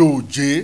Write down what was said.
Dòjé